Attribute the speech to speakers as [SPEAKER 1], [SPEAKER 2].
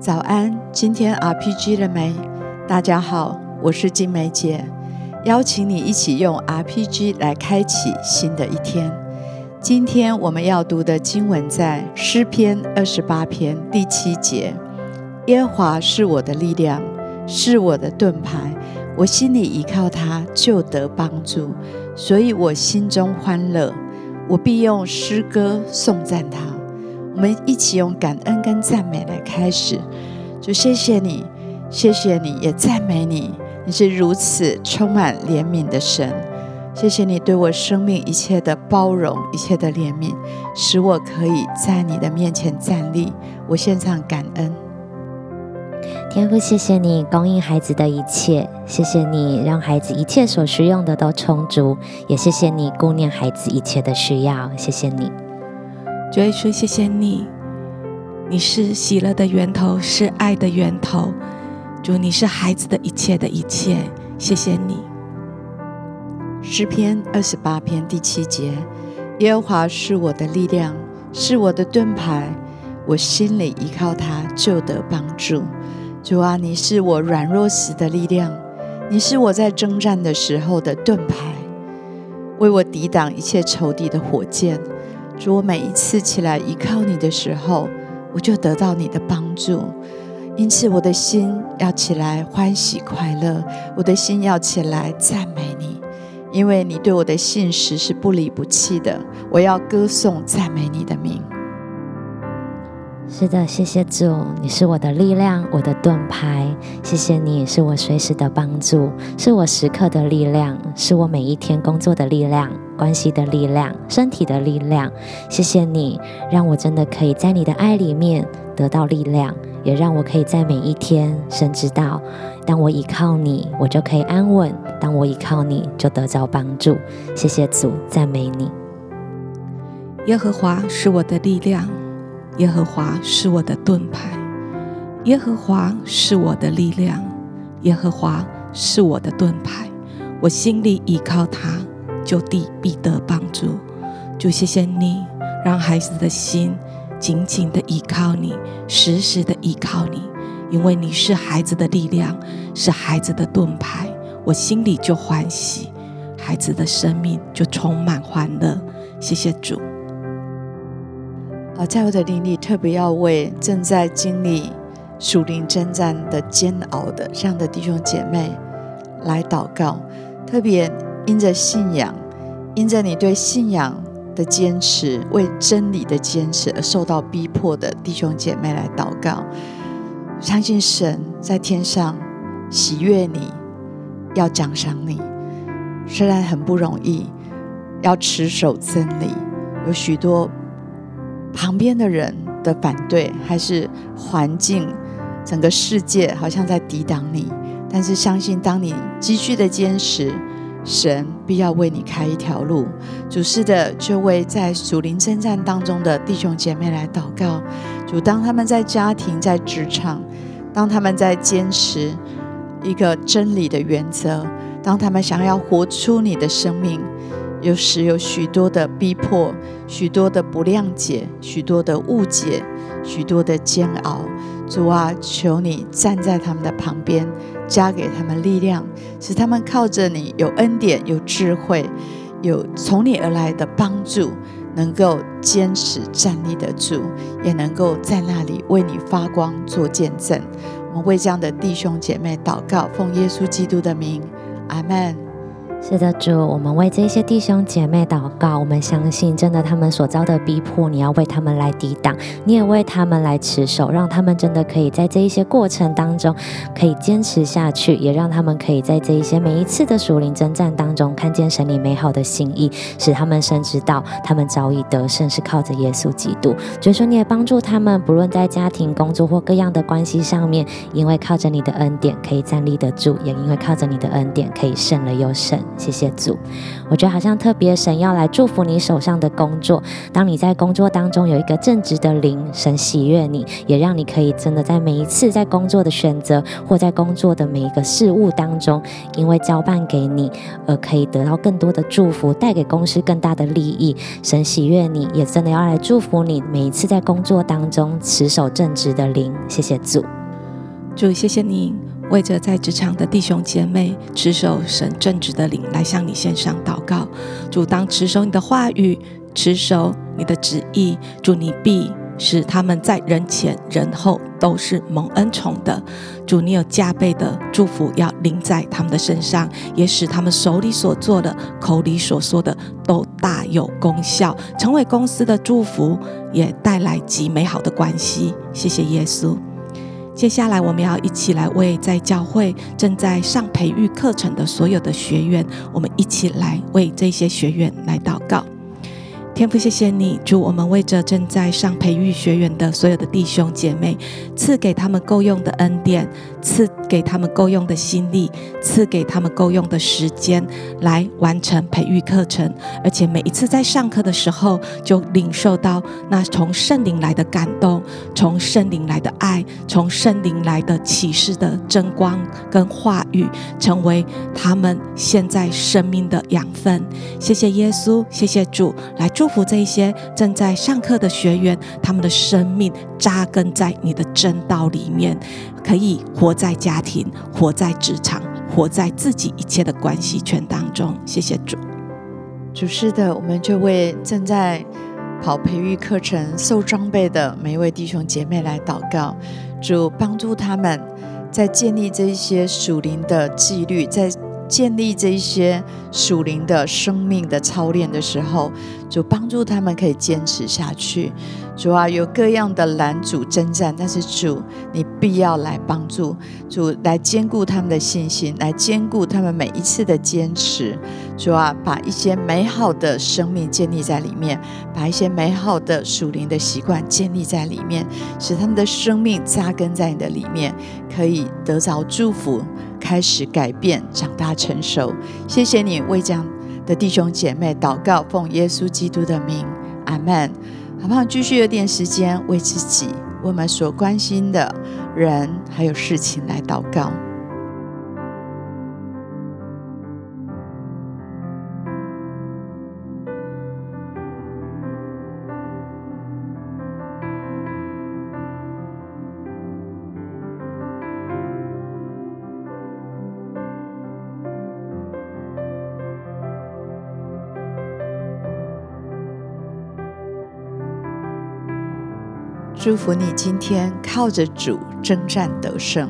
[SPEAKER 1] 早安，今天 RPG 了沒？大家好，我是晶玫姊，邀請你一起用 RPG 來開啟新的一天。今天我們要讀的經文在詩篇二十八篇第七節：耶和華是我的力量，是我的盾牌，我心裡倚靠他，就得幫助，所以我心中歡樂，我必用詩歌頌讚他。我們一起用感恩跟讚美來開始，就謝謝你，謝謝你，也讚美你，你是如此充滿憐憫的神。謝謝你對我生命一切的包容，一切的憐憫，使我可以在你的面前站立。我獻上感恩，
[SPEAKER 2] 天父，謝謝你供應孩子的一切，謝謝你讓孩子一切所需用的都充足，也謝謝你顧念孩子一切的需要，謝謝你。主耶穌，謝謝你，你
[SPEAKER 3] 是喜樂的源頭，是愛的源頭。主，你是孩子的一切的一切。謝謝你。詩篇二十八篇第七
[SPEAKER 1] 節：耶和華是我的力量，是我的盾牌，我心裡倚靠他，就得幫助。主啊，你是我軟弱時的力量，你是我在征戰的時候的盾牌，為我抵擋一切仇敵的火箭。主，我每一次起來依靠你的時候，我就得到你的幫助，因此我的心要起來歡喜快樂，我的心要起來讚美你，因為你對我的信實是不離不棄的。我要歌頌讚美你的名。
[SPEAKER 2] 是的，謝謝主，你是我的力量，我的盾牌。謝謝你，是我隨時的幫助，是我時刻的力量，是我每一天工作的力量。關係的力量，身體的力量。謝謝你，讓我真的可以在你的愛裡面得到力量，也讓我可以在每一天深知道，當我倚靠你，我就可以安穩；當我倚靠你，就得到幫助。謝謝主，讚美你。
[SPEAKER 3] 耶和華是我的力量，耶和華是我的盾牌，耶和華是我的力量，耶和華是我的盾牌。我心裡倚靠他。主地必得幫助，主謝謝你，讓孩子的心緊緊的依靠你，時時的依靠你，因為你是孩子的力量，是孩子的盾牌，我心裡就歡喜，孩子的生命就充滿歡樂。謝謝主。好，在我的靈裡特別要為
[SPEAKER 1] 正在經歷屬靈征戰的煎熬的這樣的弟兄姐妹來禱告，特別。因着信仰，因着你對信仰的堅持，為真理的堅持而受到逼迫的弟兄姐妹來禱告。相信神在天上喜悅你，要獎賞你。雖然很不容易，要持守真理，有許多旁邊的人的反對，還是環境，整個世界好像在抵擋你。但是相信，當你繼續的堅持。神必要為你開一條路。主，是的，就為在屬靈征戰當中的弟兄姐妹來禱告。主，當他們在家庭、在職場，當他們在堅持一個真理的原則，當他們想要活出你的生命。有時有許多的逼迫，許多的不諒解，許多的誤解，許多的煎熬。主啊，求你站在他們的旁邊，加給他們力量，使他們靠着你有恩典、有智慧、有從你而來的幫助，能夠堅持站立得住，也能夠在那裡為你發光做見證。我們為這樣的弟兄姐妹禱告，奉耶穌基
[SPEAKER 2] 督的名，阿門。是的，主，我們為這些弟兄姐妹禱告。我們相信，真的，他們所遭的逼迫，你要為他們來抵擋，你也為他們來持守，讓他們真的可以在這一些過程當中可以堅持下去，也讓他們可以在這一些每一次的屬靈征戰當中看見神你美好的心意，使他們深知道他們早已得勝，是靠着耶穌基督。所以說，你也幫助他們，不論在家庭、工作或各樣的關係上面，因為靠着你的恩典可以站立得住，也因為靠着你的恩典可以勝了又勝。謝謝主，我覺得好像特別神要來祝福你手上的工作。當你在工作當中有一個正直的靈，神喜悅你，也讓你可以真的在每一次在工作的選擇或在工作的每一個事物當中，因為交辦給你而可以得到更多的祝福，帶給公司更大的利益。神喜悅你，也真的要來祝福你每一次在工作當中持守正直的靈。謝謝主，主謝謝你。為着在職場的弟兄姐
[SPEAKER 3] 妹，持守神正直的靈來向你獻上禱告。主，當持守你的話語，持守你的旨意。主，你必使他們在人前人後都是蒙恩寵的。主，你有加倍的祝福要臨在他們的身上，也使他們手裡所做的、口裡所說的，都大有功效，成為公司的祝福，也帶來極美好的關係。謝謝耶穌。接下來，我們要一起來為在教會正在上培育課程的所有的學員，我們一起來為這些學員來禱告。天父，謝謝你，祝我們為着正在上培育學員的所有的弟兄姐妹，賜給他們夠用的恩典。賜給他們夠用的心力，賜給他們夠用的時間，來完成培育課程。而且每一次在上課的時候，就領受到那從聖靈來的感動，從聖靈來的愛，從聖靈來的啟示的真光跟話語，成為他們現在生命的養分。謝謝耶穌，謝謝主，來祝福這些正在上課的學員，他們的生命扎根在你的真道裡面，可以活在家庭，活在職場，活在自己一切的關係圈當中。謝謝主，主是的，我們就
[SPEAKER 1] 為正在跑培育課程、受裝備的每一位弟兄姐妹來禱告，主幫助他們在建立這些屬靈的紀律，在建立這一些屬靈的生命的操練的時候，主幫助他們可以堅持下去。主啊，有各樣的攔阻爭戰，但是主，你必要來幫助，主來堅固他們的信心，來堅固他們每一次的堅持。主啊，把一些美好的生命建立在裡面，把一些美好的屬靈的習慣建立在裡面，使他們的生命扎根在你的裡面，可以得着祝福。開始改變，長大成熟。謝謝你為這樣的弟兄姐妹禱告，奉耶穌基督的名，阿門。好不好？繼續有點時間為自己、為我們所關心的人還有事情來禱告。祝福你今天靠着主征戰得勝。